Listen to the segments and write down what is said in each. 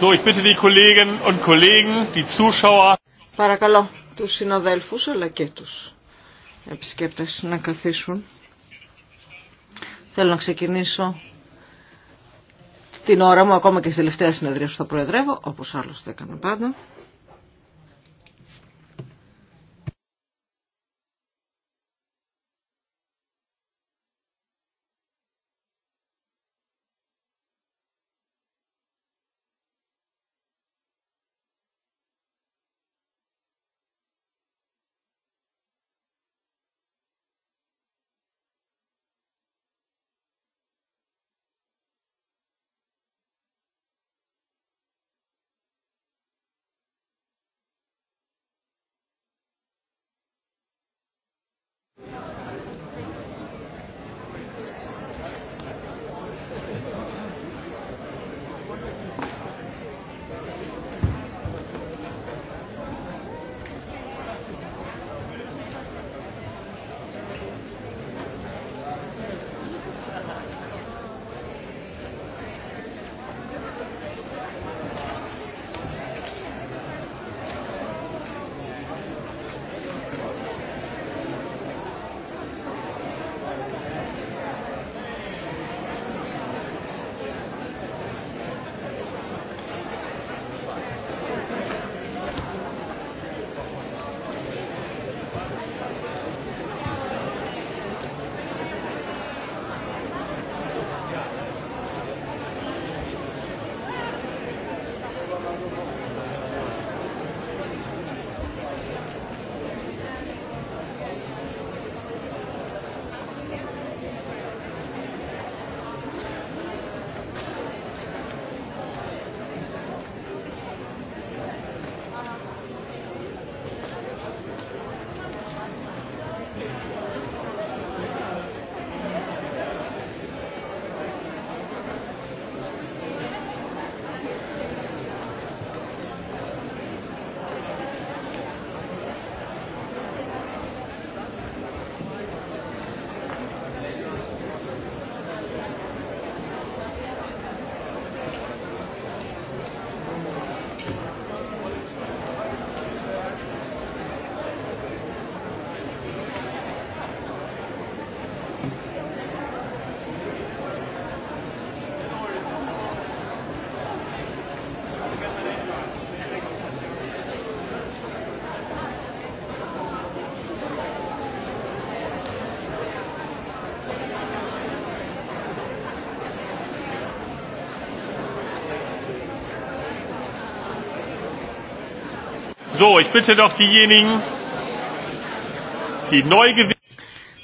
So, Παρακαλώ τους συναδέλφους αλλά και τους επισκέπτες να καθίσουν. Θέλω να ξεκινήσω την ώρα μου ακόμα και στη τελευταία συνεδρία που θα προεδρεύω, όπως άλλωστε έκανα πάντα.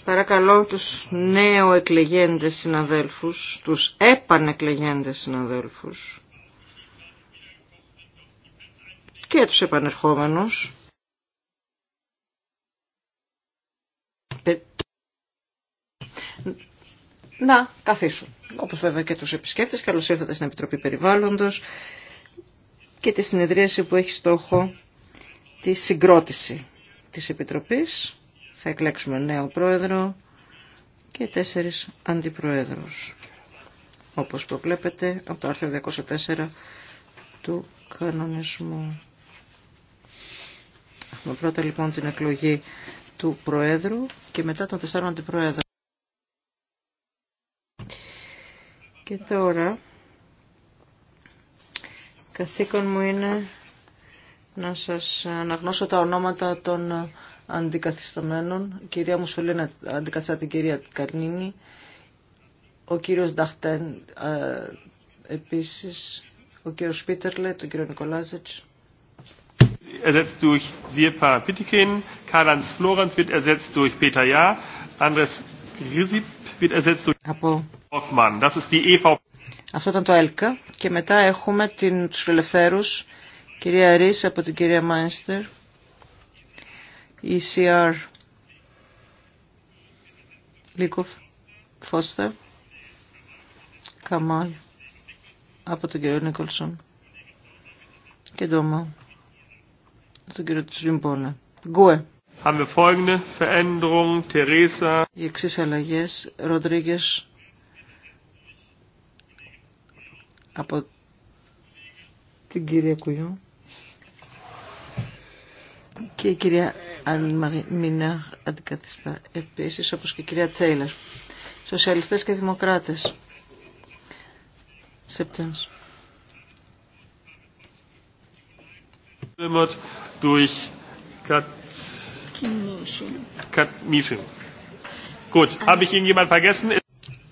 Παρακαλώ τους νέο εκλεγέντες συναδέλφους, τους επανεκλεγέντες συναδέλφους και τους επανερχόμενους. Ε, να καθίσουν. Όπως βέβαια και τους επισκέπτες, καλώς ήρθατε στην Επιτροπή Περιβάλλοντος και τη συνεδρίαση που έχει στόχο τη συγκρότηση της Επιτροπής. Θα εκλέξουμε νέο πρόεδρο και τέσσερις αντιπροέδρους, όπως προβλέπετε από το άρθρο 204 του κανονισμού. Έχουμε πρώτα λοιπόν την εκλογή του Προέδρου και μετά των τεσσάρων αντιπροέδρων. Και τώρα καθήκον μου είναι να σας αναγνώσω τα ονόματα των αντικαθιστωμένων. κυρία Μουσολίνα αντικαθιστά την κυρία Καρνίνη. Ο κύριος Νταχτέν επίσης. Ο κύριος Πίτερλε, τον κύριο Νικολάζετς. Ersetzt durch Sirpa Pitikin, Karl-Heinz Florenz wird ersetzt durch Peter Jahr, Andres Grisip wird ersetzt durch Hoffmann. Das ist die EVP. Αυτό ήταν το ΕΛΚΑ και μετά έχουμε την, τους ελευθέρους Κυρία Ρίς από την κυρία Μάινστερ. ECR. Λίκοφ. Φώστα. Καμάλ. Από τον κύριο Νίκολσον. Και ντόμα. Τον κύριο Τσιμπόνα. Γκουε. Οι εξή αλλαγέ. Ροντρίγκε από την κυρία Κουγιό και η κυρία Αλμαρινά αντικαθιστά επίσης όπως και η κυρία Τέιλερ. Σοσιαλιστές και Δημοκράτες. Σεπτέμβρη.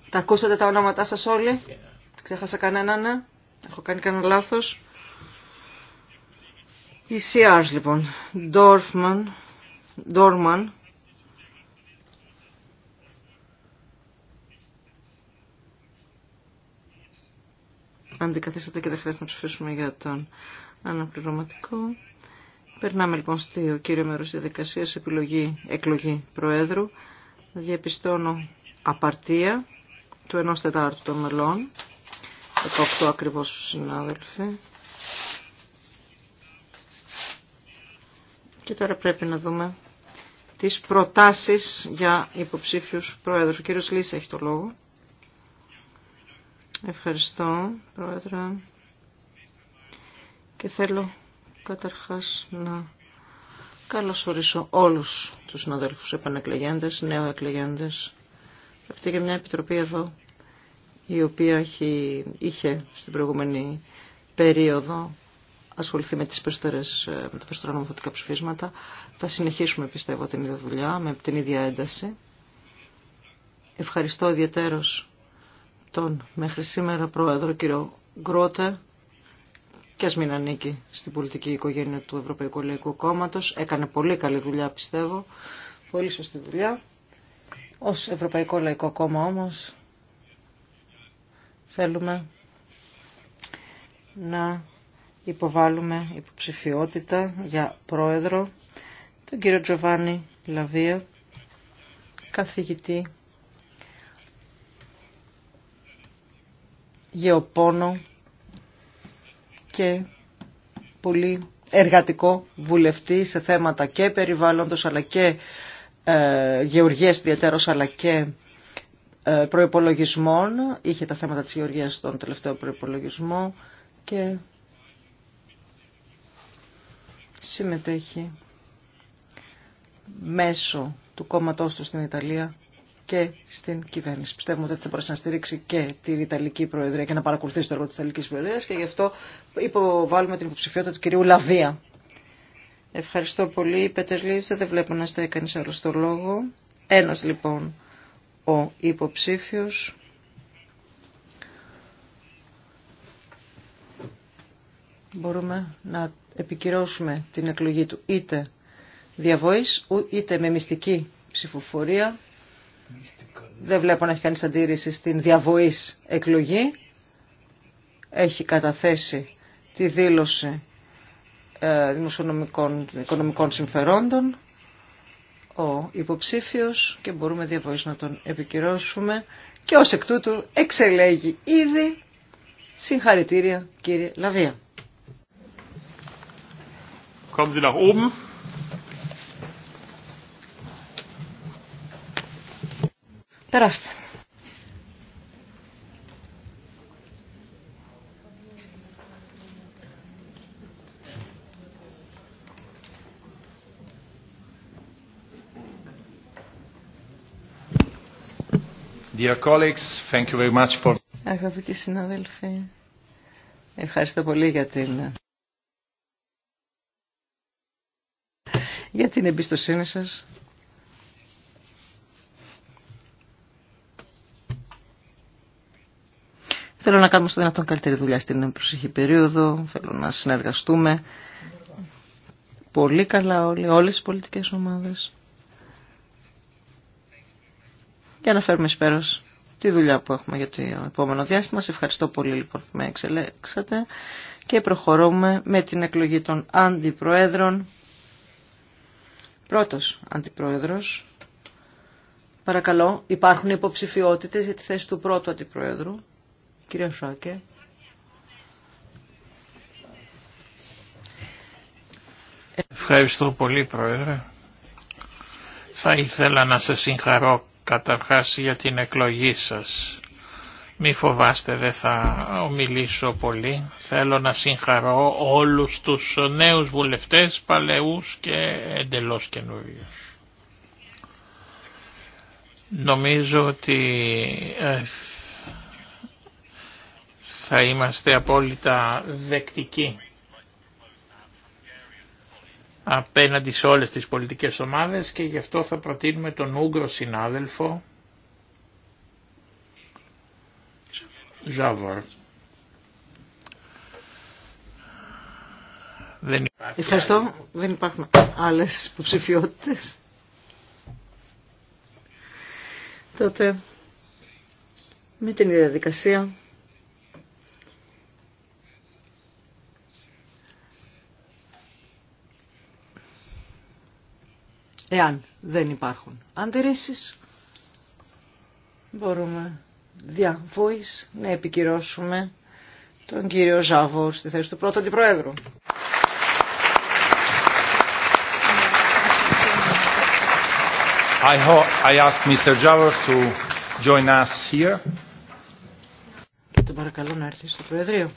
Τα ακούσατε τα ονόματά σας όλοι. Ξέχασα κανέναν, ναι. Έχω κάνει κανένα λάθος. Σιάρς λοιπόν. Dorfman. Dorman. Αντικαθίσατε και δεν χρειάζεται να ψηφίσουμε για τον αναπληρωματικό. Περνάμε λοιπόν στο κύριο μέρος της διαδικασίας επιλογή, εκλογή Προέδρου. Διαπιστώνω απαρτία του ενός τετάρτου των μελών. 18 ακριβώς συνάδελφοι. Και τώρα πρέπει να δούμε τις προτάσεις για υποψήφιους πρόεδρους. Ο κύριος Λύση έχει το λόγο. Ευχαριστώ, πρόεδρε. Και θέλω καταρχάς να καλωσορίσω όλους τους συναδέλφους επανεκλεγέντες, νέο εκλεγέντες. Αυτή και μια επιτροπή εδώ, η οποία είχε στην προηγούμενη περίοδο ασχοληθεί με, τις περισσότερες, ε, με τα περισσότερα νομοθετικά ψηφίσματα. Θα συνεχίσουμε πιστεύω την ίδια δουλειά, με την ίδια ένταση. Ευχαριστώ ιδιαίτερος τον μέχρι σήμερα πρόεδρο κύριο Γκρότε και ας μην ανήκει στην πολιτική οικογένεια του Ευρωπαϊκού Λαϊκού Κόμματος. Έκανε πολύ καλή δουλειά πιστεύω, πολύ σωστή δουλειά. Ως Ευρωπαϊκό Λαϊκό Κόμμα όμως θέλουμε να υποβάλλουμε υποψηφιότητα για πρόεδρο τον κύριο Τζοβάνι Λαβία, καθηγητή γεωπόνο και πολύ εργατικό βουλευτή σε θέματα και περιβάλλοντος αλλά και ε, γεωργίας ιδιαίτερως αλλά και ε, προϋπολογισμών. Είχε τα θέματα της γεωργίας στον τελευταίο προϋπολογισμό και συμμετέχει μέσω του κόμματός του στην Ιταλία και στην κυβέρνηση. Πιστεύουμε ότι θα μπορέσει να στηρίξει και την Ιταλική Προεδρία και να παρακολουθήσει το έργο της Ιταλικής Προεδρίας και γι' αυτό υποβάλλουμε την υποψηφιότητα του κυρίου Λαβία. Ευχαριστώ πολύ. Πέτερ δεν βλέπω να έκανε άλλο το λόγο. Ένας λοιπόν ο υποψήφιος μπορούμε να επικυρώσουμε την εκλογή του είτε διαβοής είτε με μυστική ψηφοφορία. Δεν βλέπω να έχει κανείς αντίρρηση στην διαβοής εκλογή. Έχει καταθέσει τη δήλωση ε, δημοσιονομικών οικονομικών συμφερόντων ο υποψήφιος και μπορούμε διαβοής να τον επικυρώσουμε και ως εκ τούτου εξελέγει ήδη συγχαρητήρια κύριε Λαβία. Kommen Sie nach oben. Περάστε. Dear colleagues, thank you very much for... Αγαπητοί συνάδελφοι, ευχαριστώ πολύ για την για την εμπιστοσύνη σας. Θέλω να κάνουμε στο δυνατόν καλύτερη δουλειά στην προσεχή περίοδο, θέλω να συνεργαστούμε πολύ καλά όλοι, όλες οι πολιτικές ομάδες για να φέρουμε εις πέρας τη δουλειά που έχουμε για το επόμενο διάστημα. Σε ευχαριστώ πολύ λοιπόν που με εξελέξατε και προχωρούμε με την εκλογή των αντιπροέδρων. Πρώτος αντιπρόεδρος. Παρακαλώ, υπάρχουν υποψηφιότητες για τη θέση του πρώτου αντιπρόεδρου. Κύριε Σάκε. Ευχαριστώ πολύ Πρόεδρε. Θα ήθελα να σε συγχαρώ καταρχάς για την εκλογή σας. Μη φοβάστε, δεν θα ομιλήσω πολύ. Θέλω να συγχαρώ όλους τους νέους βουλευτές, παλαιούς και εντελώς καινούριους. Νομίζω ότι ε, θα είμαστε απόλυτα δεκτικοί απέναντι σε όλες τις πολιτικές ομάδες και γι' αυτό θα προτείνουμε τον Ούγκρο συνάδελφο Ζάβορ. Δεν Ευχαριστώ. Δεν υπάρχουν άλλες υποψηφιότητε. Τότε με την διαδικασία εάν δεν υπάρχουν αντιρρήσεις μπορούμε διαβοής να επικυρώσουμε τον κύριο Ζάβορ στη θέση του πρώτου αντιπροέδρου. I, I ask Mr. Javor to join us here. Και τον παρακαλώ να έρθει στο Προεδρείο.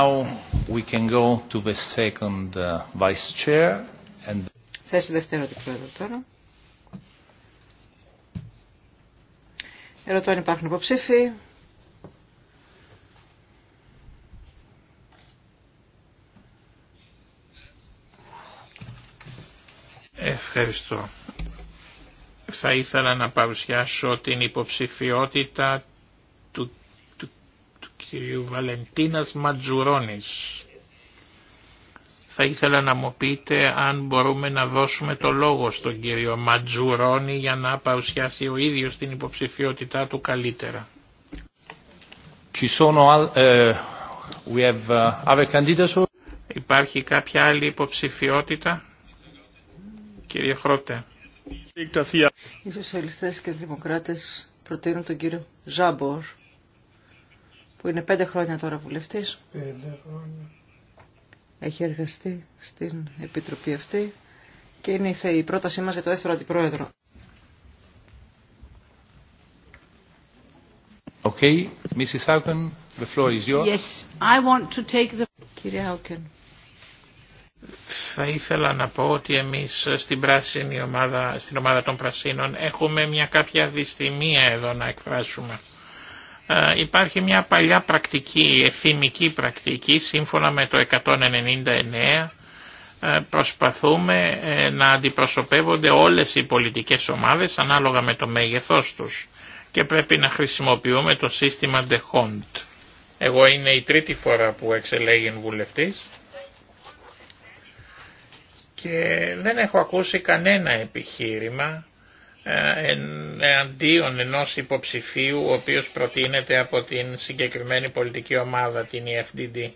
Now we can go to the second uh, vice chair and... Θέση δευτέρα Πρόεδρου τώρα. Ερωτώ αν υπάρχουν υποψήφοι. Ευχαριστώ. Θα ήθελα να παρουσιάσω την υποψηφιότητα του κυρίου Βαλεντίνας Ματζουρόνης. Θα ήθελα να μου πείτε αν μπορούμε να δώσουμε το λόγο στον κύριο Ματζουρόνη για να παρουσιάσει ο ίδιος την υποψηφιότητά του καλύτερα. Eh, eh, Υπάρχει κάποια άλλη υποψηφιότητα. Κύριε Χρότε. Οι σοσιαλιστές και οι δημοκράτες προτείνουν τον κύριο Ζάμπορ που είναι πέντε χρόνια τώρα βουλευτής. Πέντε Έχει εργαστεί στην Επιτροπή αυτή και είναι η πρότασή μας για το δεύτερο αντιπρόεδρο. Okay, Mrs. Hauken, the floor is yours. Yes, I want to take the... Κύριε Hauken. Θα ήθελα να πω ότι εμείς στην πράσινη ομάδα, στην ομάδα των πρασίνων έχουμε μια κάποια δυστημία εδώ να εκφράσουμε ε, υπάρχει μια παλιά πρακτική, εθιμική πρακτική, σύμφωνα με το 199, ε, προσπαθούμε ε, να αντιπροσωπεύονται όλες οι πολιτικές ομάδες ανάλογα με το μέγεθός τους και πρέπει να χρησιμοποιούμε το σύστημα de Hont. Εγώ είναι η τρίτη φορά που εξελέγει βουλευτής και δεν έχω ακούσει κανένα επιχείρημα ε, εναντίον ενός υποψηφίου ο οποίος προτείνεται από την συγκεκριμένη πολιτική ομάδα, την EFDD.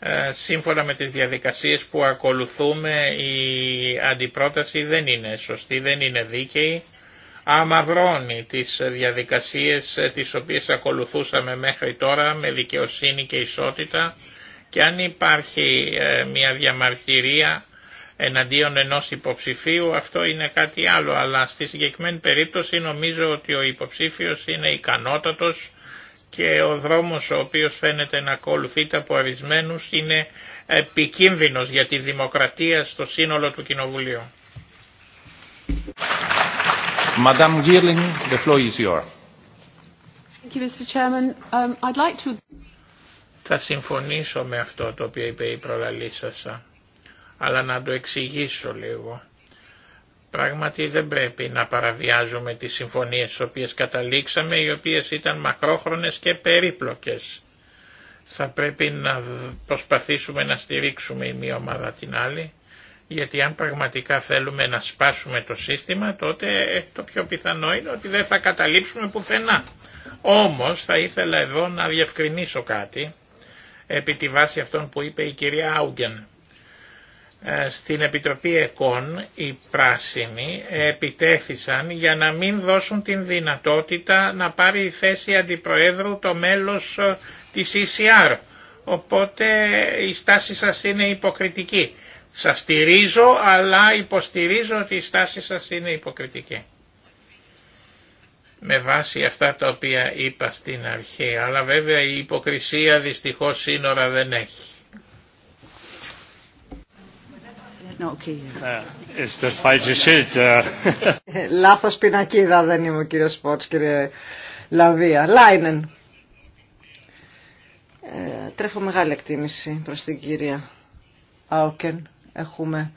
Ε, σύμφωνα με τις διαδικασίες που ακολουθούμε η αντιπρόταση δεν είναι σωστή, δεν είναι δίκαιη. Αμαυρώνει τις διαδικασίες ε, τις οποίες ακολουθούσαμε μέχρι τώρα με δικαιοσύνη και ισότητα και αν υπάρχει ε, μια διαμαρτυρία εναντίον ενός υποψηφίου αυτό είναι κάτι άλλο αλλά στη συγκεκριμένη περίπτωση νομίζω ότι ο υποψήφιος είναι ικανότατος και ο δρόμος ο οποίος φαίνεται να ακολουθείται από αρισμένους είναι επικίνδυνος για τη δημοκρατία στο σύνολο του Κοινοβουλίου. Mr. Θα συμφωνήσω με αυτό το οποίο είπε η προλαλήσασα, αλλά να το εξηγήσω λίγο. Πράγματι δεν πρέπει να παραβιάζουμε τις συμφωνίες τις οποίες καταλήξαμε, οι οποίες ήταν μακρόχρονες και περίπλοκες. Θα πρέπει να προσπαθήσουμε να στηρίξουμε η μία ομάδα την άλλη, γιατί αν πραγματικά θέλουμε να σπάσουμε το σύστημα, τότε ε, το πιο πιθανό είναι ότι δεν θα καταλήξουμε πουθενά. Όμως θα ήθελα εδώ να διευκρινίσω κάτι, επί τη βάση αυτών που είπε η κυρία Άουγκεν. Ε, στην Επιτροπή ΕΚΟΝ οι πράσινοι επιτέθησαν για να μην δώσουν την δυνατότητα να πάρει η θέση αντιπροέδρου το μέλος ε, της ECR. Οπότε η στάση σας είναι υποκριτική. Σας στηρίζω αλλά υποστηρίζω ότι η στάση σας είναι υποκριτική με βάση αυτά τα οποία είπα στην αρχή, αλλά βέβαια η υποκρισία δυστυχώς σύνορα δεν έχει. Ε, ε, ε, λάθος πινακίδα δεν είμαι ο κύριος Σπότς, κύριε Λαβία. Λάινεν. τρέφω μεγάλη εκτίμηση προς την κυρία Άουκεν. Έχουμε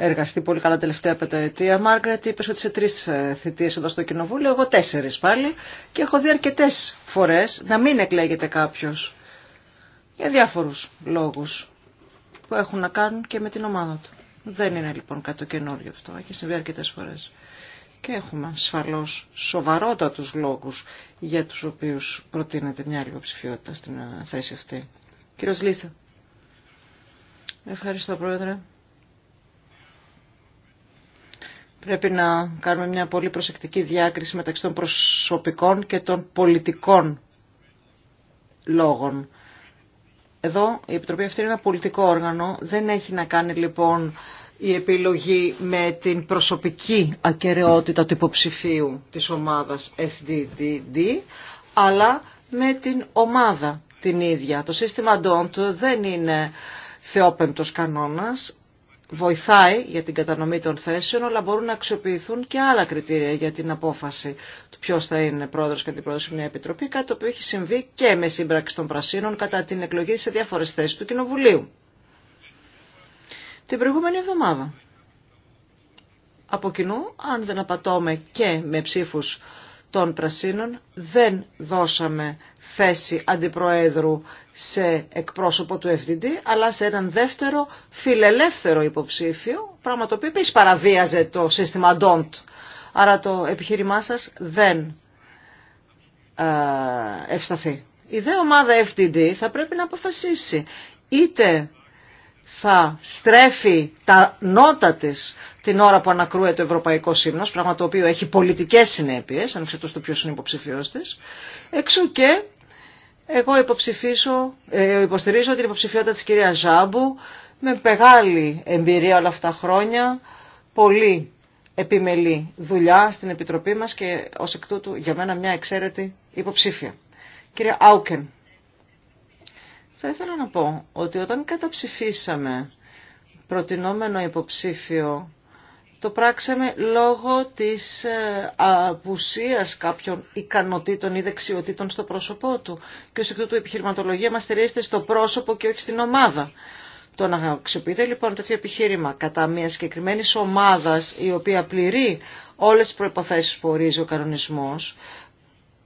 εργαστεί πολύ καλά τελευταία πενταετία. Μάργκρετ, είπε ότι σε τρει ε, θητείε εδώ στο Κοινοβούλιο, εγώ τέσσερι πάλι και έχω δει αρκετέ φορέ να μην εκλέγεται κάποιο για διάφορου λόγου που έχουν να κάνουν και με την ομάδα του. Δεν είναι λοιπόν κάτι καινούριο αυτό. Έχει συμβεί αρκετέ φορέ. Και έχουμε ασφαλώ σοβαρότατου λόγου για του οποίου προτείνεται μια άλλη υποψηφιότητα στην ε, θέση αυτή. Κύριο Λίσσα. Ευχαριστώ, Πρόεδρε πρέπει να κάνουμε μια πολύ προσεκτική διάκριση μεταξύ των προσωπικών και των πολιτικών λόγων. Εδώ η Επιτροπή αυτή είναι ένα πολιτικό όργανο, δεν έχει να κάνει λοιπόν η επιλογή με την προσωπική ακαιρεότητα του υποψηφίου της ομάδας FDDD, αλλά με την ομάδα την ίδια. Το σύστημα DONT δεν είναι θεόπεμπτος κανόνας, βοηθάει για την κατανομή των θέσεων, αλλά μπορούν να αξιοποιηθούν και άλλα κριτήρια για την απόφαση του ποιο θα είναι πρόεδρο και αντιπρόεδρο σε μια επιτροπή, κάτι το οποίο έχει συμβεί και με σύμπραξη των Πρασίνων κατά την εκλογή σε διάφορε θέσει του Κοινοβουλίου. Την προηγούμενη εβδομάδα. Από κοινού, αν δεν απατώμε και με ψήφου των Πρασίνων δεν δώσαμε θέση αντιπροέδρου σε εκπρόσωπο του FDD αλλά σε έναν δεύτερο φιλελεύθερο υποψήφιο πράγμα το οποίο επίσης παραβίαζε το σύστημα DONT. Άρα το επιχείρημά σας δεν ε, ευσταθεί. Η δε ομάδα FDD θα πρέπει να αποφασίσει είτε θα στρέφει τα νότα της την ώρα που ανακρούεται το Ευρωπαϊκό Σύμνος, πράγμα το οποίο έχει πολιτικές συνέπειες, αν του ποιος είναι υποψηφιός της. Εξού και εγώ ε, υποστηρίζω την υποψηφιότητα της κυρία Ζάμπου με μεγάλη εμπειρία όλα αυτά χρόνια, πολύ επιμελή δουλειά στην Επιτροπή μας και ως εκ τούτου για μένα μια εξαίρετη υποψήφια. Κύριε Άουκεν, θα ήθελα να πω ότι όταν καταψηφίσαμε προτινόμενο υποψήφιο, το πράξαμε λόγω της ε, απουσίας κάποιων ικανοτήτων ή δεξιοτήτων στο πρόσωπό του. Και ως εκ τούτου η επιχειρηματολογία μας στηρίζεται στο πρόσωπο και όχι στην ομάδα. Το να αξιοποιείται λοιπόν τέτοιο επιχείρημα κατά μια συγκεκριμένη ομάδα η οποία πληρεί όλες τις προϋποθέσεις που ορίζει ο κανονισμός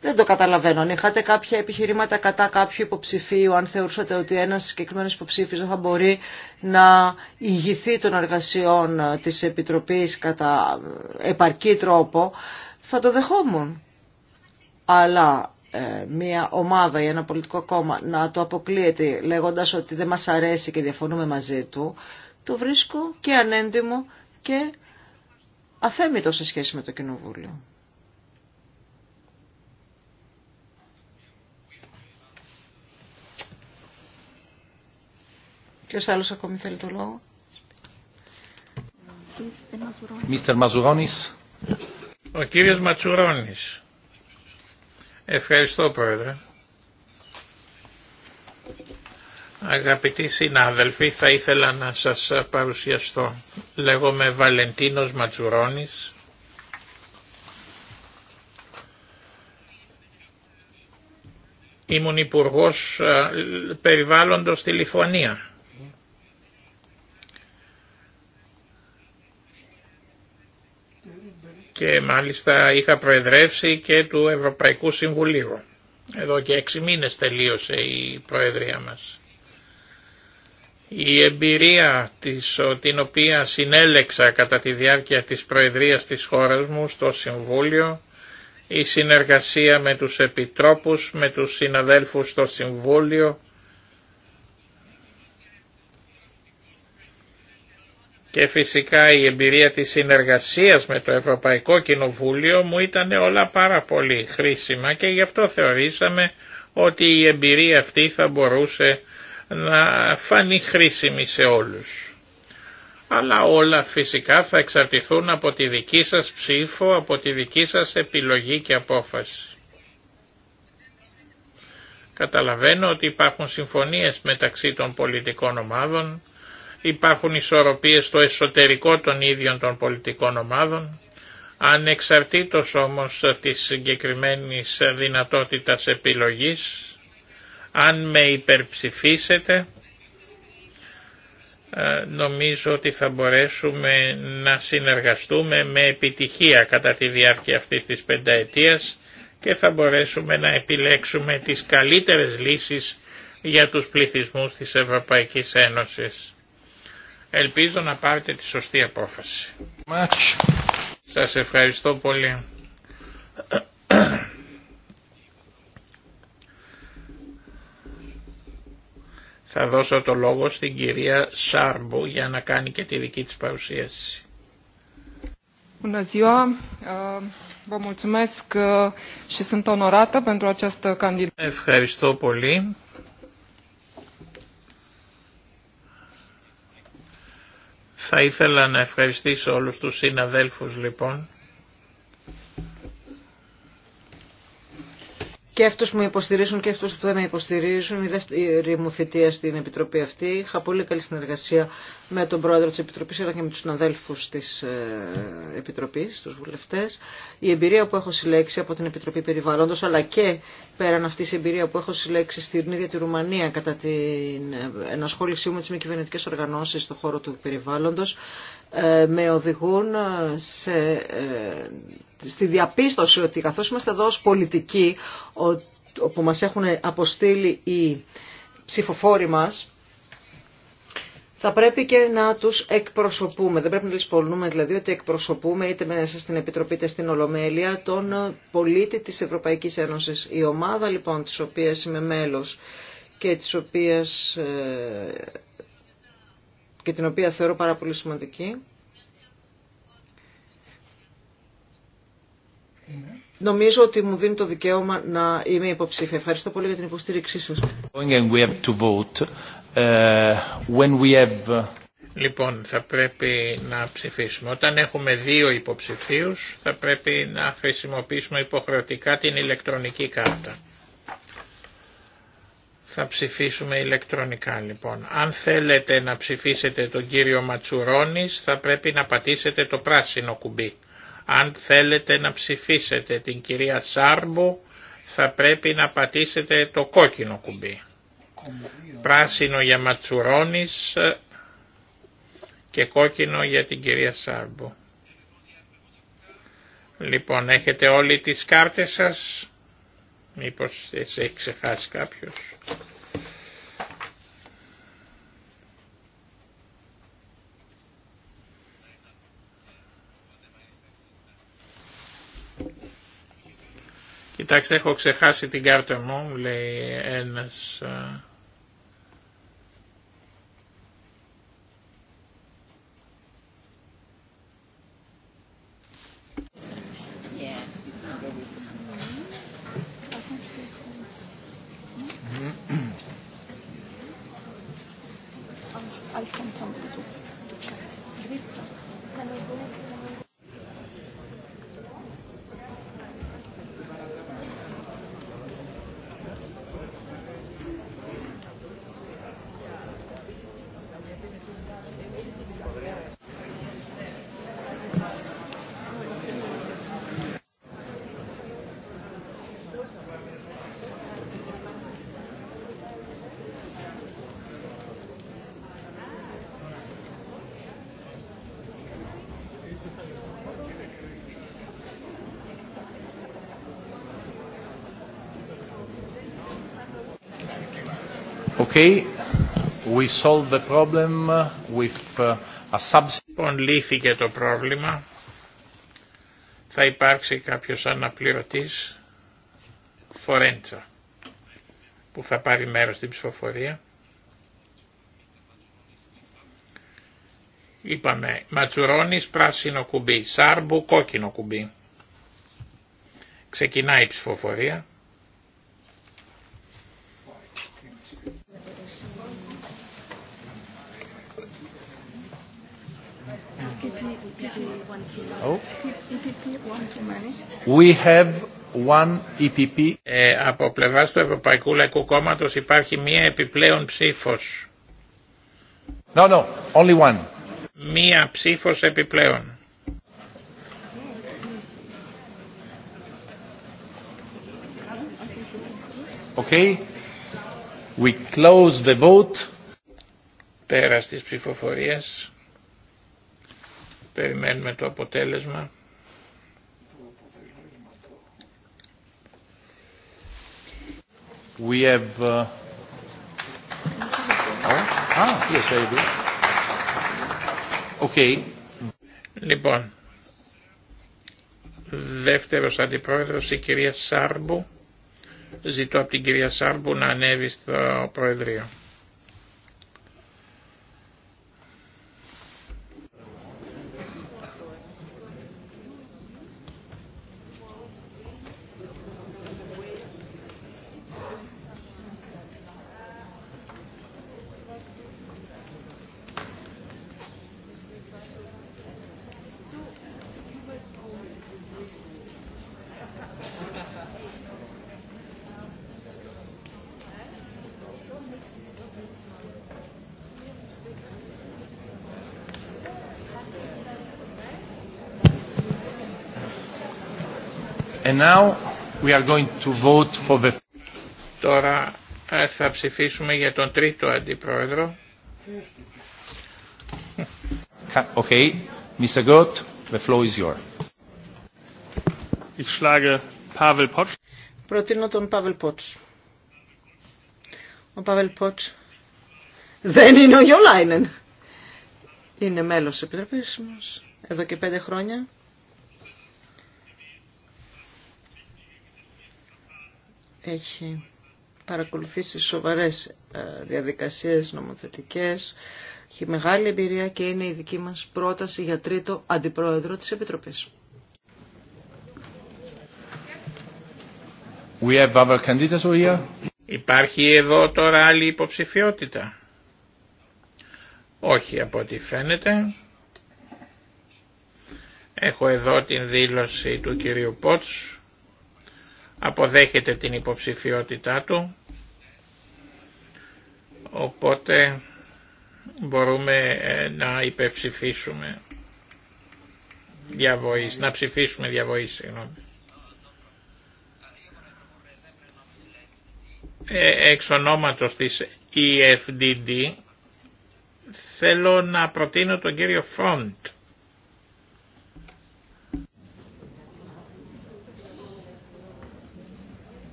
δεν το καταλαβαίνω. Αν είχατε κάποια επιχειρήματα κατά κάποιου υποψηφίου, αν θεωρούσατε ότι ένα συγκεκριμένο υποψήφιο δεν θα μπορεί να ηγηθεί των εργασιών τη Επιτροπή κατά επαρκή τρόπο, θα το δεχόμουν. Αλλά ε, μια ομάδα ή ένα πολιτικό κόμμα να το αποκλείεται λέγοντας ότι δεν μα αρέσει και διαφωνούμε μαζί του, το βρίσκω και ανέντιμο και αθέμητο σε σχέση με το Κοινοβούλιο. Ποιος άλλος ακόμη θέλει το λόγο. Μίστερ Μαζουρόνης. Ο κύριος Ματσουρόνης. Ευχαριστώ πρόεδρε. Αγαπητοί συνάδελφοι, θα ήθελα να σας παρουσιαστώ. Λέγομαι Βαλεντίνος Ματσουρόνης. Ήμουν υπουργό ε, Περιβάλλοντος στη Λιθουανία. και μάλιστα είχα προεδρεύσει και του Ευρωπαϊκού Συμβουλίου. Εδώ και έξι μήνες τελείωσε η προεδρία μας. Η εμπειρία την οποία συνέλεξα κατά τη διάρκεια της προεδρίας της χώρας μου στο Συμβούλιο, η συνεργασία με τους επιτρόπους, με τους συναδέλφους στο Συμβούλιο, και φυσικά η εμπειρία της συνεργασίας με το Ευρωπαϊκό Κοινοβούλιο μου ήταν όλα πάρα πολύ χρήσιμα και γι' αυτό θεωρήσαμε ότι η εμπειρία αυτή θα μπορούσε να φανεί χρήσιμη σε όλους. Αλλά όλα φυσικά θα εξαρτηθούν από τη δική σας ψήφο, από τη δική σας επιλογή και απόφαση. Καταλαβαίνω ότι υπάρχουν συμφωνίες μεταξύ των πολιτικών ομάδων Υπάρχουν ισορροπίες στο εσωτερικό των ίδιων των πολιτικών ομάδων, ανεξαρτήτως όμως της συγκεκριμένης δυνατότητας επιλογής, αν με υπερψηφίσετε, ε, νομίζω ότι θα μπορέσουμε να συνεργαστούμε με επιτυχία κατά τη διάρκεια αυτής της πενταετίας και θα μπορέσουμε να επιλέξουμε τις καλύτερες λύσεις για τους πληθυσμούς της Ευρωπαϊκής Ένωσης. Ελπίζω να πάρετε τη σωστή απόφαση. Much. Σας ευχαριστώ πολύ. Θα δώσω το λόγο στην κυρία Σάρμπου για να κάνει και τη δική της παρουσίαση. Ευχαριστώ πολύ. Θα ήθελα να ευχαριστήσω όλους τους συναδέλφους λοιπόν και αυτού που με υποστηρίζουν και αυτού που δεν με υποστηρίζουν. Η δεύτερη μου θητεία στην Επιτροπή αυτή. Είχα πολύ καλή συνεργασία με τον πρόεδρο τη Επιτροπή αλλά και με τους τη της ε, Επιτροπής, του βουλευτέ. Η εμπειρία που έχω συλλέξει από την Επιτροπή περιβάλλοντο, αλλά και πέραν αυτή η εμπειρία που έχω συλλέξει στην ίδια τη Ρουμανία κατά την ε, ενασχόλησή μου με τις οργανώσει οργανώσεις στον χώρο του περιβάλλοντος ε, με οδηγούν σε στη διαπίστωση ότι καθώς είμαστε εδώ ως πολιτικοί που μας έχουν αποστείλει οι ψηφοφόροι μας, θα πρέπει και να τους εκπροσωπούμε. Δεν πρέπει να λησπολνούμε δηλαδή ότι εκπροσωπούμε είτε μέσα στην Επιτροπή είτε στην Ολομέλεια τον πολίτη της Ευρωπαϊκής Ένωσης. Η ομάδα λοιπόν της οποίας είμαι μέλος και της οποίας ε, και την οποία θεωρώ πάρα πολύ σημαντική Ναι. Νομίζω ότι μου δίνει το δικαίωμα να είμαι υποψήφια. Ευχαριστώ πολύ για την υποστήριξή σα. Uh, uh, λοιπόν, θα πρέπει να ψηφίσουμε. Όταν έχουμε δύο υποψηφίους, θα πρέπει να χρησιμοποιήσουμε υποχρεωτικά την ηλεκτρονική κάρτα. Θα ψηφίσουμε ηλεκτρονικά λοιπόν. Αν θέλετε να ψηφίσετε τον κύριο Ματσουρόνης, θα πρέπει να πατήσετε το πράσινο κουμπί. Αν θέλετε να ψηφίσετε την κυρία Σάρμπου θα πρέπει να πατήσετε το κόκκινο κουμπί. Πράσινο για Ματσουρόνης και κόκκινο για την κυρία Σάρμπου. Λοιπόν, έχετε όλοι τις κάρτες σας. Μήπως έχει ξεχάσει κάποιος. Κοιτάξτε, έχω ξεχάσει την κάρτα μου, λέει ένας ε, Okay. the problem with uh, a λοιπόν, λύθηκε το πρόβλημα. Θα υπάρξει κάποιος αναπληρωτής φορέντσα που θα πάρει μέρος στην ψηφοφορία. Είπαμε ματσουρώνεις πράσινο κουμπί, Σάρμπου κόκκινο κουμπί. Ξεκινάει η ψηφοφορία. Oh. We have one EPP. Ε, από πλευρά του Ευρωπαϊκού Λαϊκού Κόμματο υπάρχει μία επιπλέον ψήφο. No, no, only one. Μία ψήφο επιπλέον. Okay. We close the vote. Πέρα τη ψηφοφορία. Περιμένουμε το αποτέλεσμα. We have. Uh... Oh, ah, yes, Okay. Λοιπόν, δεύτερος αντιπρόεδρος η κυρία Σάρμπου. Ζητώ από την κυρία Σάρμπου να ανέβει στο Προεδρείο. And now we are going to vote for the... Τώρα ε, θα ψηφίσουμε για τον τρίτο αντιπρόεδρο. Okay, Mr. Gott, the floor is yours. Ich schlage Pavel Potsch. Προτείνω τον Παύλ Πότς. Ο Παύλ Πότς δεν είναι ο Γιολάινεν. Είναι μέλος της Επιτροπής μας εδώ και πέντε χρόνια. έχει παρακολουθήσει σοβαρές ε, διαδικασίες νομοθετικές, έχει μεγάλη εμπειρία και είναι η δική μας πρόταση για τρίτο αντιπρόεδρο της Επιτροπής. We have other Υπάρχει εδώ τώρα άλλη υποψηφιότητα. Όχι από ό,τι φαίνεται. Έχω εδώ την δήλωση του κυρίου Πότσου αποδέχεται την υποψηφιότητά του οπότε μπορούμε ε, να υπεψηφίσουμε διαβοής, να ψηφίσουμε διαβοής, συγγνώμη. Ε, εξ ονόματος της EFDD θέλω να προτείνω τον κύριο Φρόντ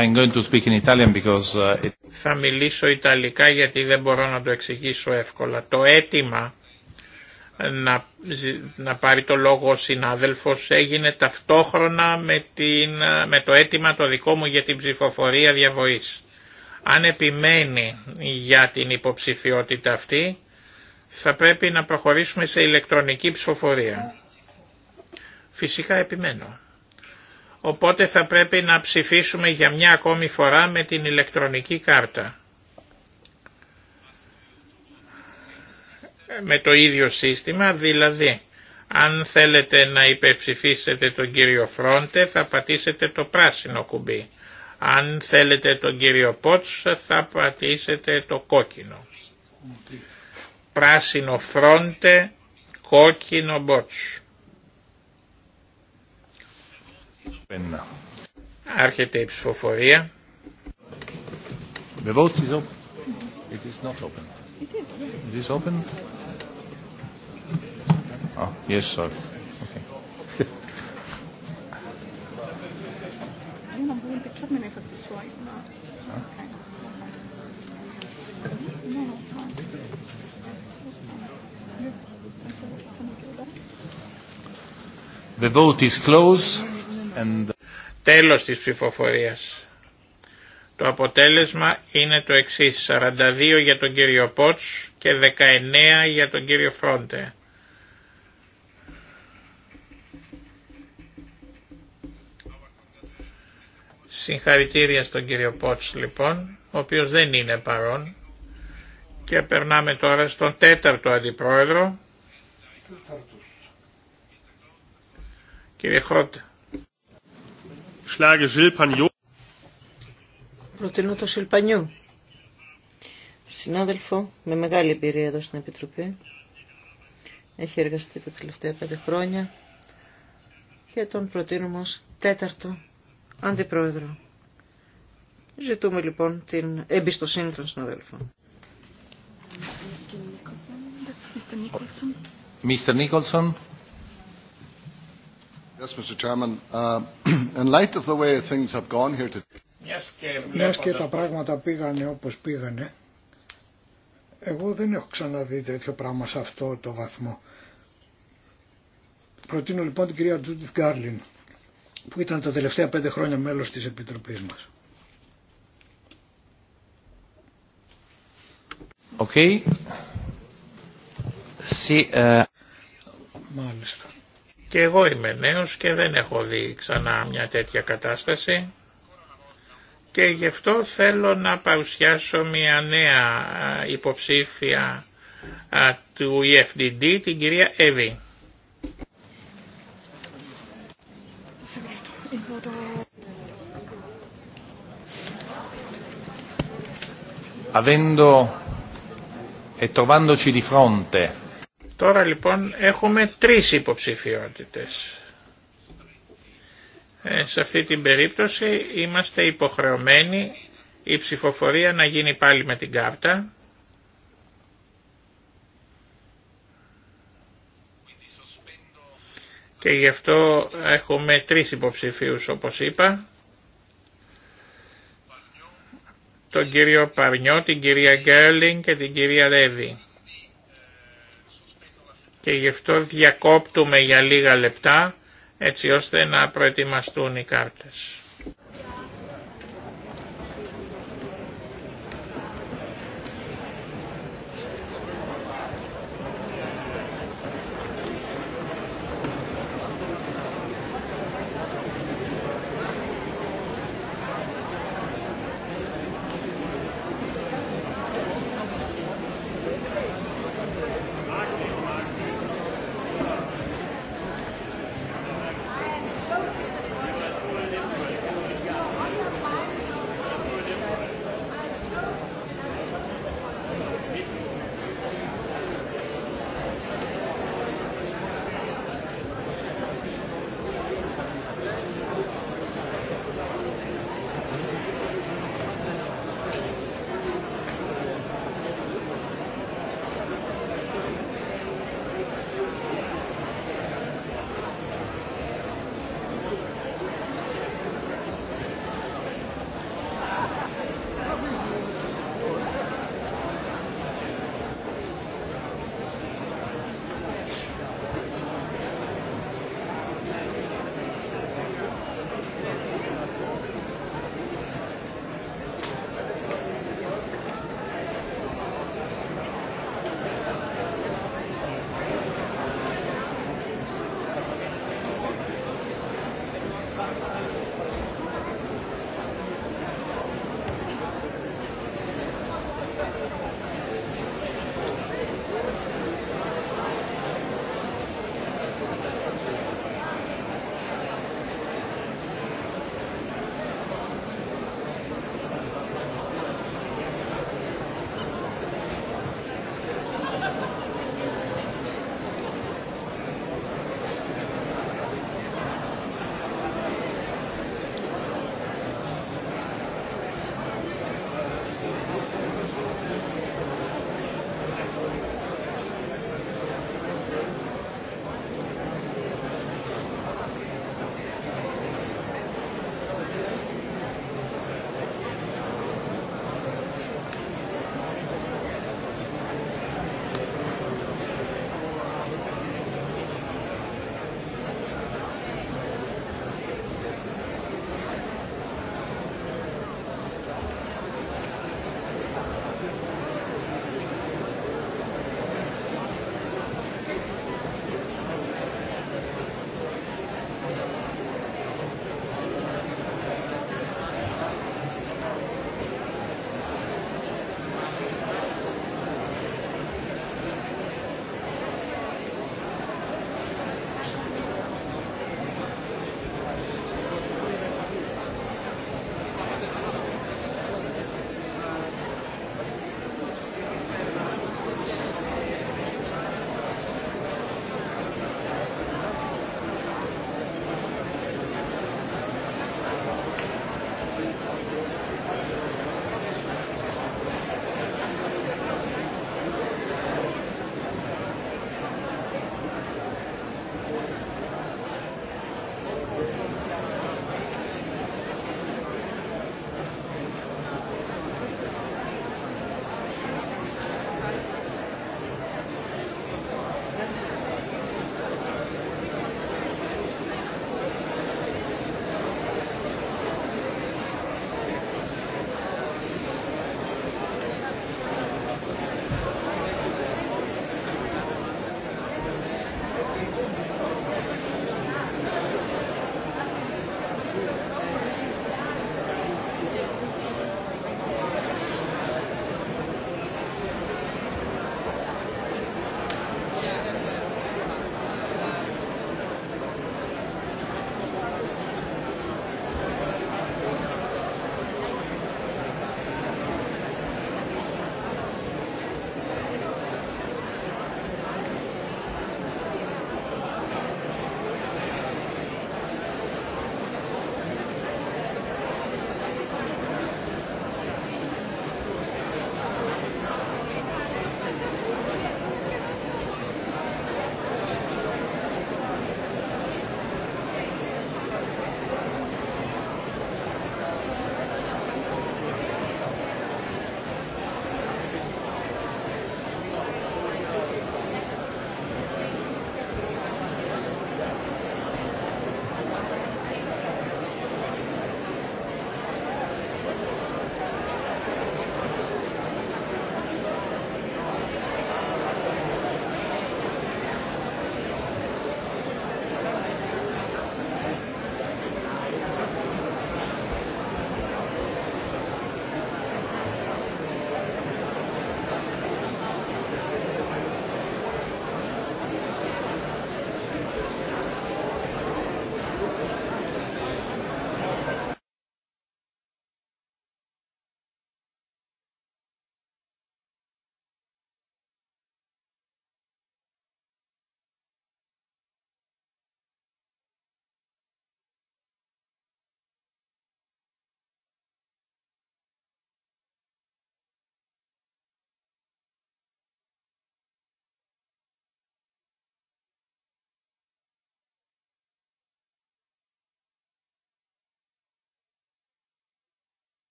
Uh, θα μιλήσω Ιταλικά γιατί δεν μπορώ να το εξηγήσω εύκολα. Το αίτημα να, πάρει το λόγο ο συνάδελφος έγινε ταυτόχρονα με, την, με το αίτημα το δικό μου για την ψηφοφορία διαβοής. Αν επιμένει για την υποψηφιότητα αυτή θα πρέπει να προχωρήσουμε σε ηλεκτρονική ψηφοφορία. Φυσικά επιμένω οπότε θα πρέπει να ψηφίσουμε για μια ακόμη φορά με την ηλεκτρονική κάρτα. Με το ίδιο σύστημα, δηλαδή αν θέλετε να υπεψηφίσετε τον κύριο Φρόντε θα πατήσετε το πράσινο κουμπί. Αν θέλετε τον κύριο Πότς θα πατήσετε το κόκκινο. Πράσινο Φρόντε, κόκκινο Πότς. Άρχεται η ψηφοφορία. The vote is open. It is not open. It is open. It open. Oh, yes, sir. Okay. The vote is closed. Τέλος της ψηφοφορίας. Το αποτέλεσμα είναι το εξής, 42 για τον κύριο Πότς και 19 για τον κύριο Φρόντε. Συγχαρητήρια στον κύριο Πότς λοιπόν, ο οποίος δεν είναι παρόν. Και περνάμε τώρα στον τέταρτο αντιπρόεδρο. Κύριε Χρόντε. Schlage Gilles Προτείνω το Σιλπανιού. Συνάδελφο με μεγάλη εμπειρία εδώ στην Επιτροπή. Έχει εργαστεί τα τελευταία πέντε χρόνια και τον προτείνουμε ως τέταρτο αντιπρόεδρο. Ζητούμε λοιπόν την εμπιστοσύνη των συναδέλφων. Mr. Νίκολσον. Μιας και τα πράγματα πήγανε όπως πήγανε, εγώ δεν έχω ξαναδεί τέτοιο πράγμα σε αυτό το βαθμό. Προτείνω λοιπόν την κυρία Τζούντιθ Γκάρλιν, που ήταν τα τελευταία πέντε χρόνια μέλος της Επιτροπής μας. Okay. See, uh... Μάλιστα. Και εγώ είμαι νέος και δεν έχω δει ξανά μια τέτοια κατάσταση και γι' αυτό θέλω να παρουσιάσω μια νέα υποψήφια του EFDD, την κυρία Εύη. Avendo e trovandoci Τώρα λοιπόν έχουμε τρεις υποψηφιότητες. Ε, σε αυτή την περίπτωση είμαστε υποχρεωμένοι η ψηφοφορία να γίνει πάλι με την κάρτα. Και γι' αυτό έχουμε τρεις υποψηφίους όπως είπα. Τον κύριο Παρνιό, την κυρία Γκέρλινγκ και την κυρία Λέβη και γι' αυτό διακόπτουμε για λίγα λεπτά έτσι ώστε να προετοιμαστούν οι κάρτες.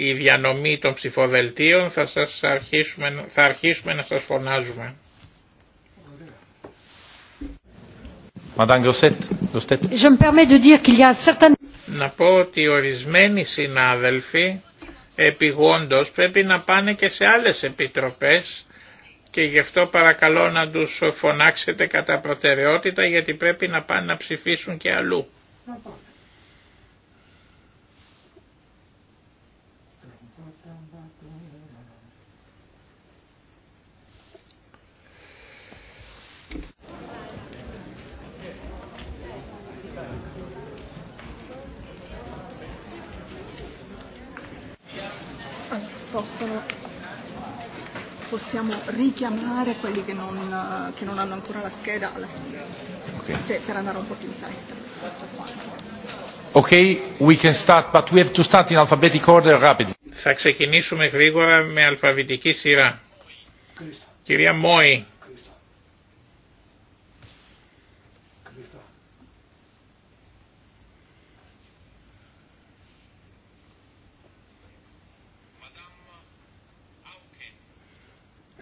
η διανομή των ψηφοδελτίων θα, σας αρχίσουμε, θα αρχίσουμε να σας φωνάζουμε. Να πω ότι ορισμένοι συνάδελφοι επιγόντως πρέπει να πάνε και σε άλλες επιτροπές και γι' αυτό παρακαλώ να τους φωνάξετε κατά προτεραιότητα γιατί πρέπει να πάνε να ψηφίσουν και αλλού. possiamo richiamare quelli che non, che non hanno ancora la scheda alla fine, okay. se, per andare un po' più in fretta. Ok, we can start, but we have to start in alphabetic order rapidly. Θα ξεκινήσουμε γρήγορα με αλφαβητική σειρά. Κυρία Μόη.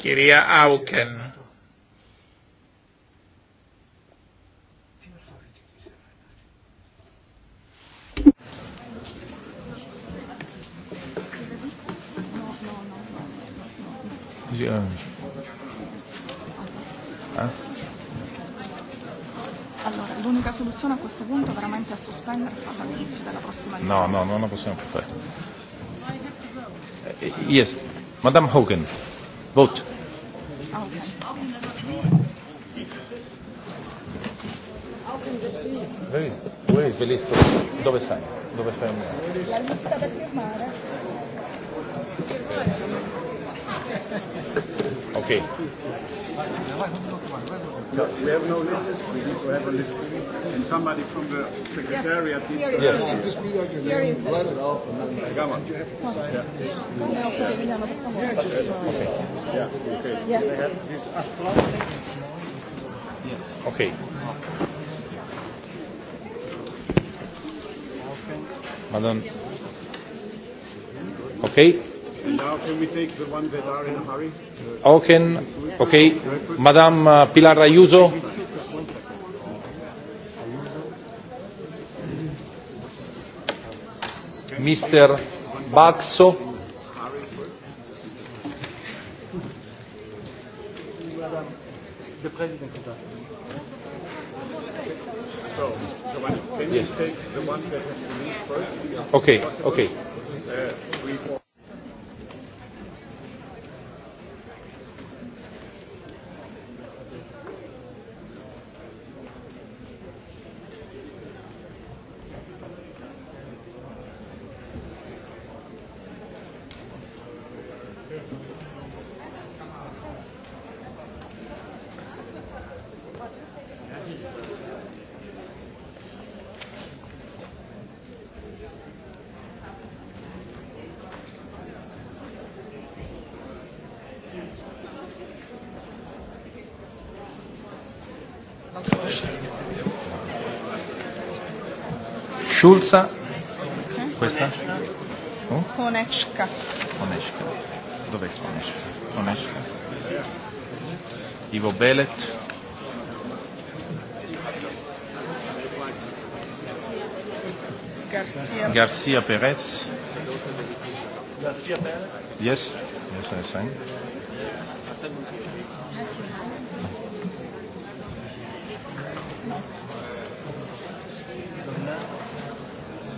Κυρία Άουκεν. Allora, l'unica soluzione a questo punto veramente è sospendere e all'inizio della prossima No, no, non la possiamo più fare. Yes, Madame Hogan. Vote. Where is the list? Dove sei? Dove stai? La lista da firmare. Ok. We have no lists. We need to have a list. And somebody from the secretariat yes. Yes. Okay. Madam. Okay can we take the that are in a hurry? Okay, Madame Pilar Ayuso. Mr. Baxo. Okay, okay. Sciulza. Questa? Oh? Onecka. Dov'è Onecka? Onecka. Ivo Belet. Garcia. Garcia Perez. Garcia Perez. Yes. Yes, I sign.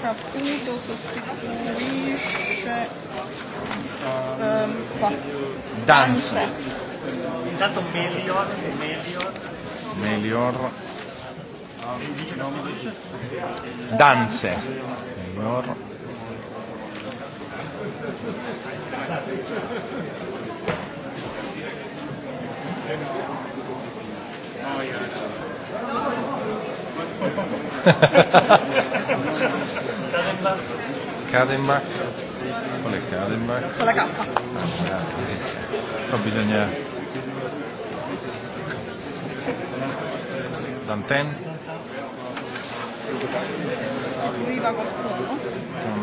capito sostituisce um, qua. Danza. Intanto Melior, Melior. Melior. Danze. Melior. Oh, yeah. Cadembach. con le Cadembach? Con la K. Però bisogna... Danten. Lui qualcuno?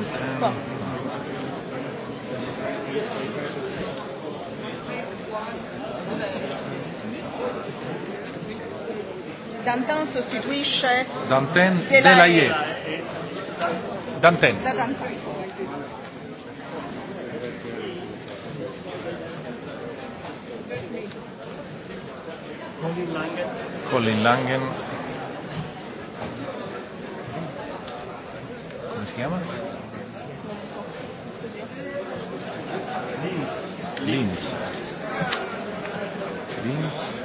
Danten. Dantin sostituisce Dantin Delaye. Done Colin Langen. Colin Langen. ¿Cómo se llama? Lins. Lins. Lins.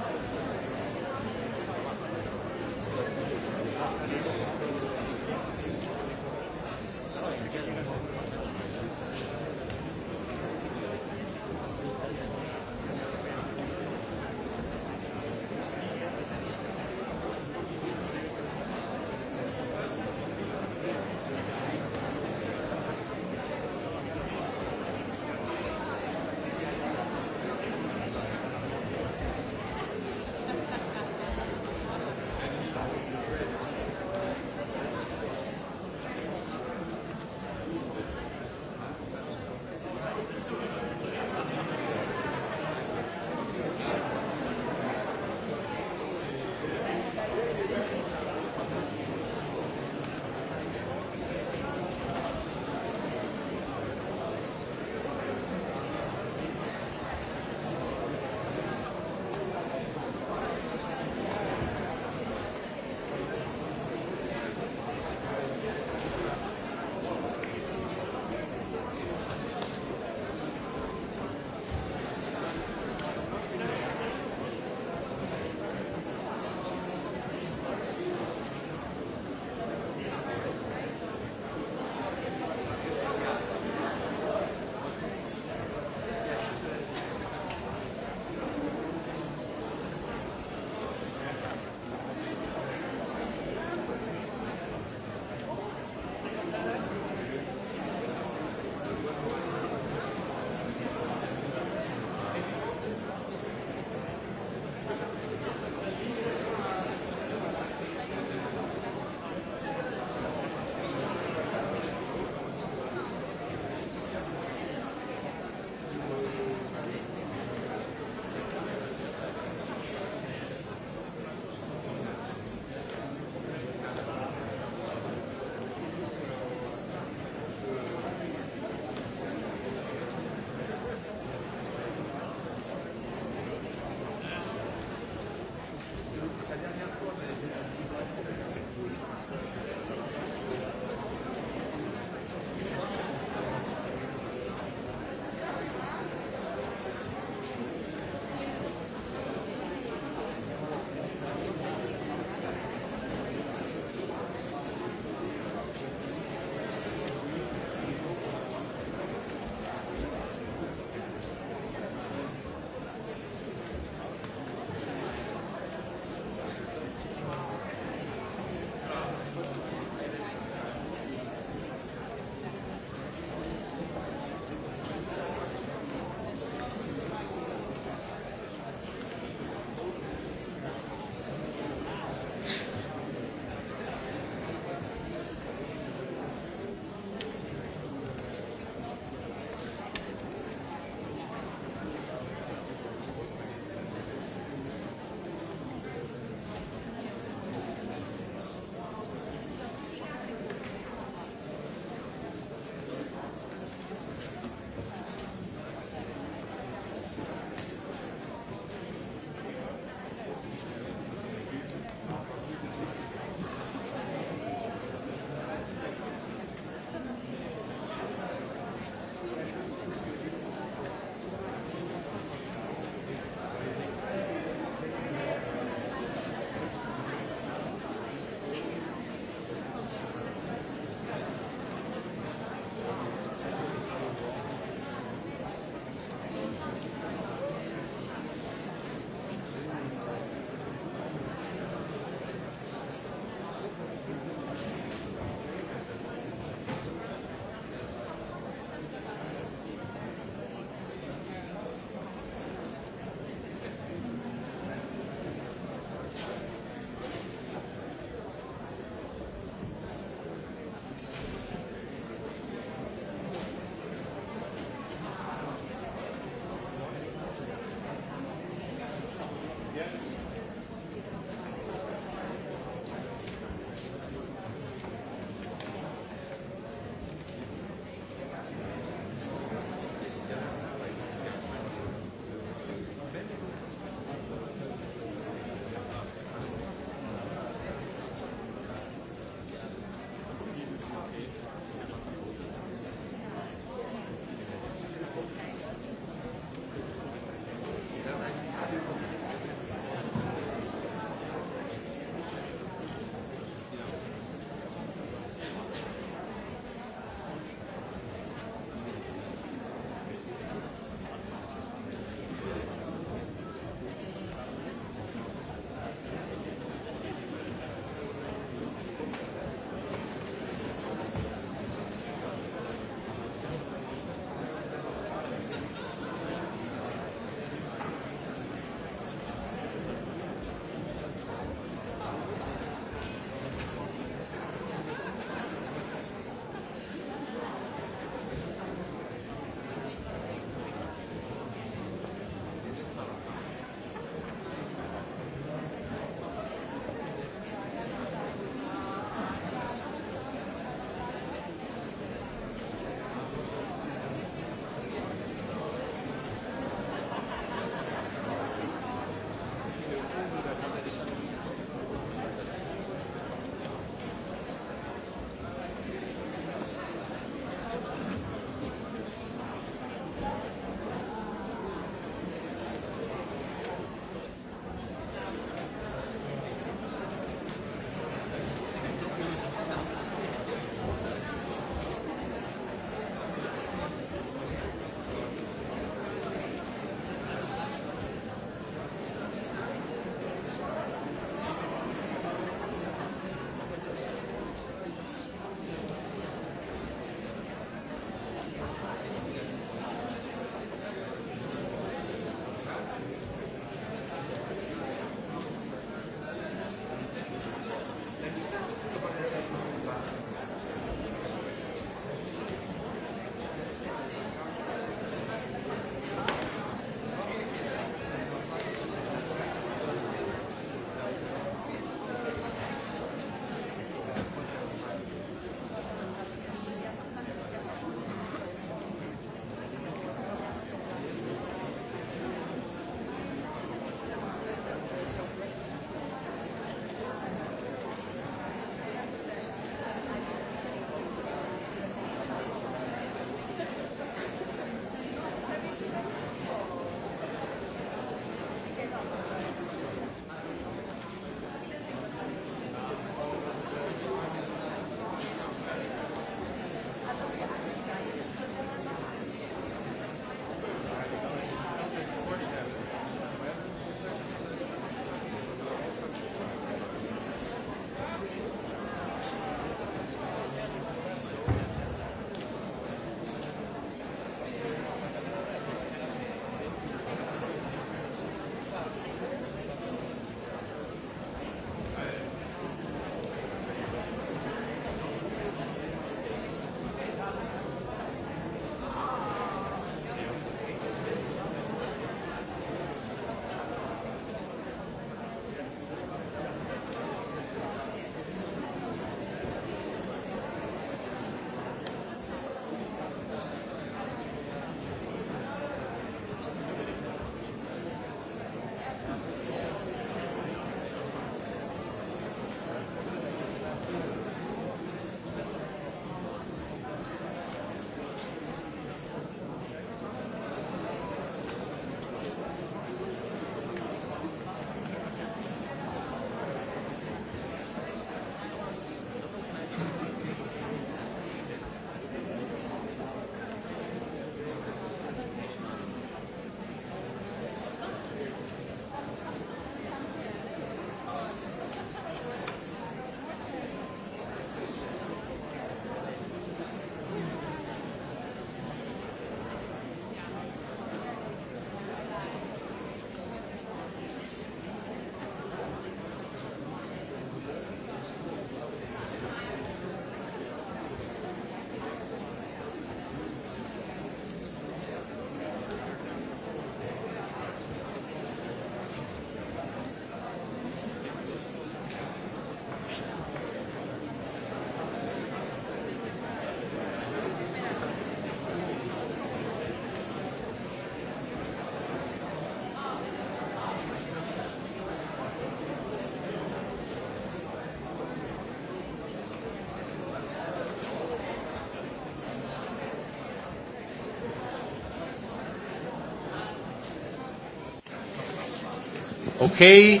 Οκ. Okay.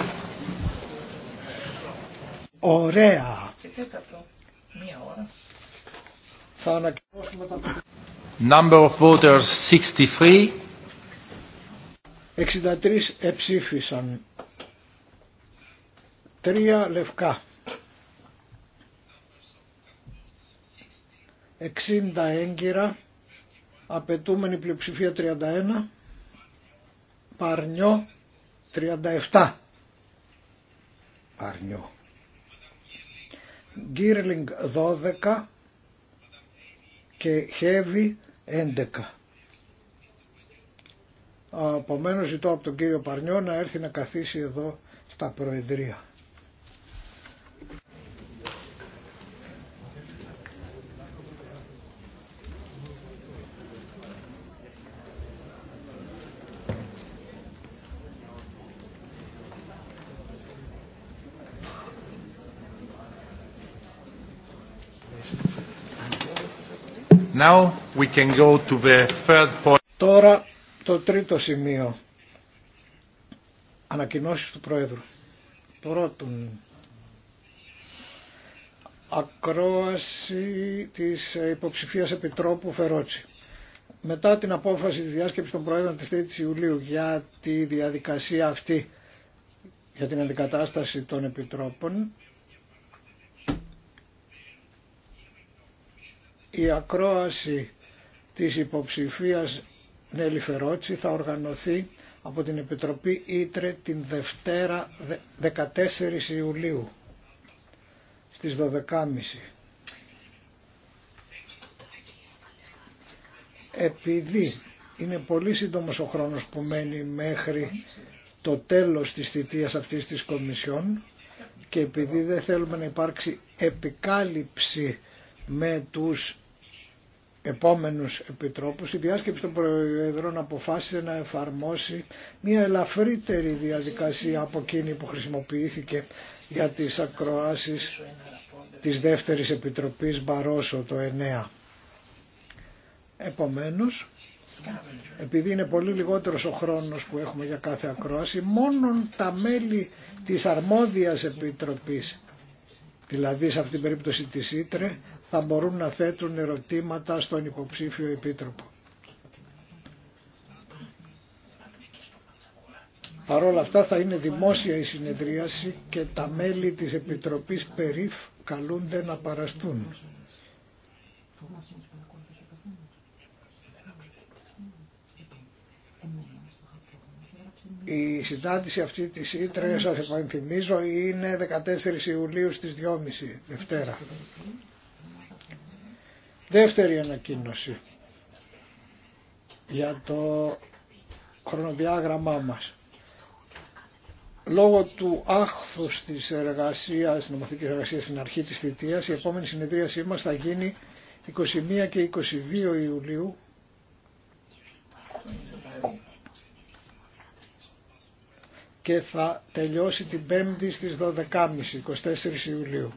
Ωραία. Θα ανακοινώσουμε τα Number of voters 63. 63 εψήφισαν. Τρία λευκά. 60 έγκυρα. Απαιτούμενη πλειοψηφία 31. Παρνιό 37 Αρνιό. Γκίρλινγκ 12 και Χέβι 11. Απομένως ζητώ από τον κύριο Παρνιό να έρθει να καθίσει εδώ στα Προεδρία. Now we can go to the third point. Τώρα το τρίτο σημείο. ανακοινώσει του Πρόεδρου. Πρώτον, ακρόαση της υποψηφίας Επιτρόπου Φερότσι. Μετά την απόφαση της διάσκεψης των Προέδρων της 3ης Ιουλίου για τη διαδικασία αυτή για την αντικατάσταση των Επιτρόπων, Η ακρόαση της υποψηφίας Νέλη θα οργανωθεί από την Επιτροπή Ήτρε την Δευτέρα 14 Ιουλίου στις 12.30. Επειδή είναι πολύ σύντομος ο χρόνος που μένει μέχρι το τέλος της θητείας αυτής της Κομισιόν και επειδή δεν θέλουμε να υπάρξει επικάλυψη με τους επόμενους επιτρόπους, η διάσκεψη των Προεδρών αποφάσισε να εφαρμόσει μια ελαφρύτερη διαδικασία από εκείνη που χρησιμοποιήθηκε για τις ακροάσεις της δεύτερης επιτροπής Μπαρόσο το 9. Επομένως, επειδή είναι πολύ λιγότερος ο χρόνος που έχουμε για κάθε ακρόαση, μόνο τα μέλη της αρμόδιας επιτροπής δηλαδή σε αυτήν την περίπτωση της Ήτρε, θα μπορούν να θέτουν ερωτήματα στον υποψήφιο επίτροπο. Παρ' όλα αυτά θα είναι δημόσια η συνεδρίαση και τα μέλη της Επιτροπής Περίφ καλούνται να παραστούν. Η συνάντηση αυτή τη Ήτρε, σα επανθυμίζω, είναι 14 Ιουλίου στις 2.30, Δευτέρα. Δεύτερη ανακοίνωση για το χρονοδιάγραμμά μας. Λόγω του άχθους της εργασίας, νομοθετικής εργασίας στην αρχή της θητείας, η επόμενη συνεδρίασή μας θα γίνει 21 και 22 Ιουλίου και θα τελειώσει την 5η στις 12.30, 24 Ιουλίου.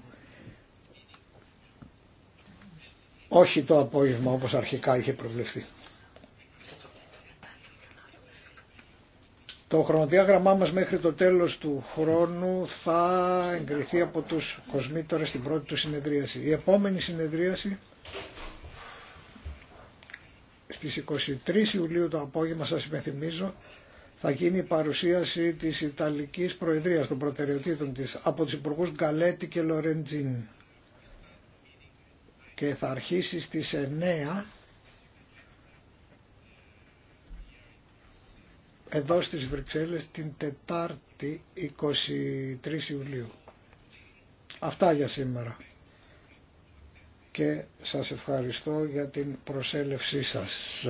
Όχι το απόγευμα όπως αρχικά είχε προβλεφθεί. Το χρονοδιάγραμμά μας μέχρι το τέλος του χρόνου θα εγκριθεί από τους κοσμήτωρες στην πρώτη του συνεδρίαση. Η επόμενη συνεδρίαση στις 23 Ιουλίου το απόγευμα σας υπενθυμίζω θα γίνει η παρουσίαση της Ιταλικής Προεδρίας των Προτεραιοτήτων της από τους Υπουργούς Γκαλέτη και Λορεντζίν και θα αρχίσει στις 9 εδώ στις Βρυξέλλες την Τετάρτη 23 Ιουλίου. Αυτά για σήμερα και σας ευχαριστώ για την προσέλευσή σας.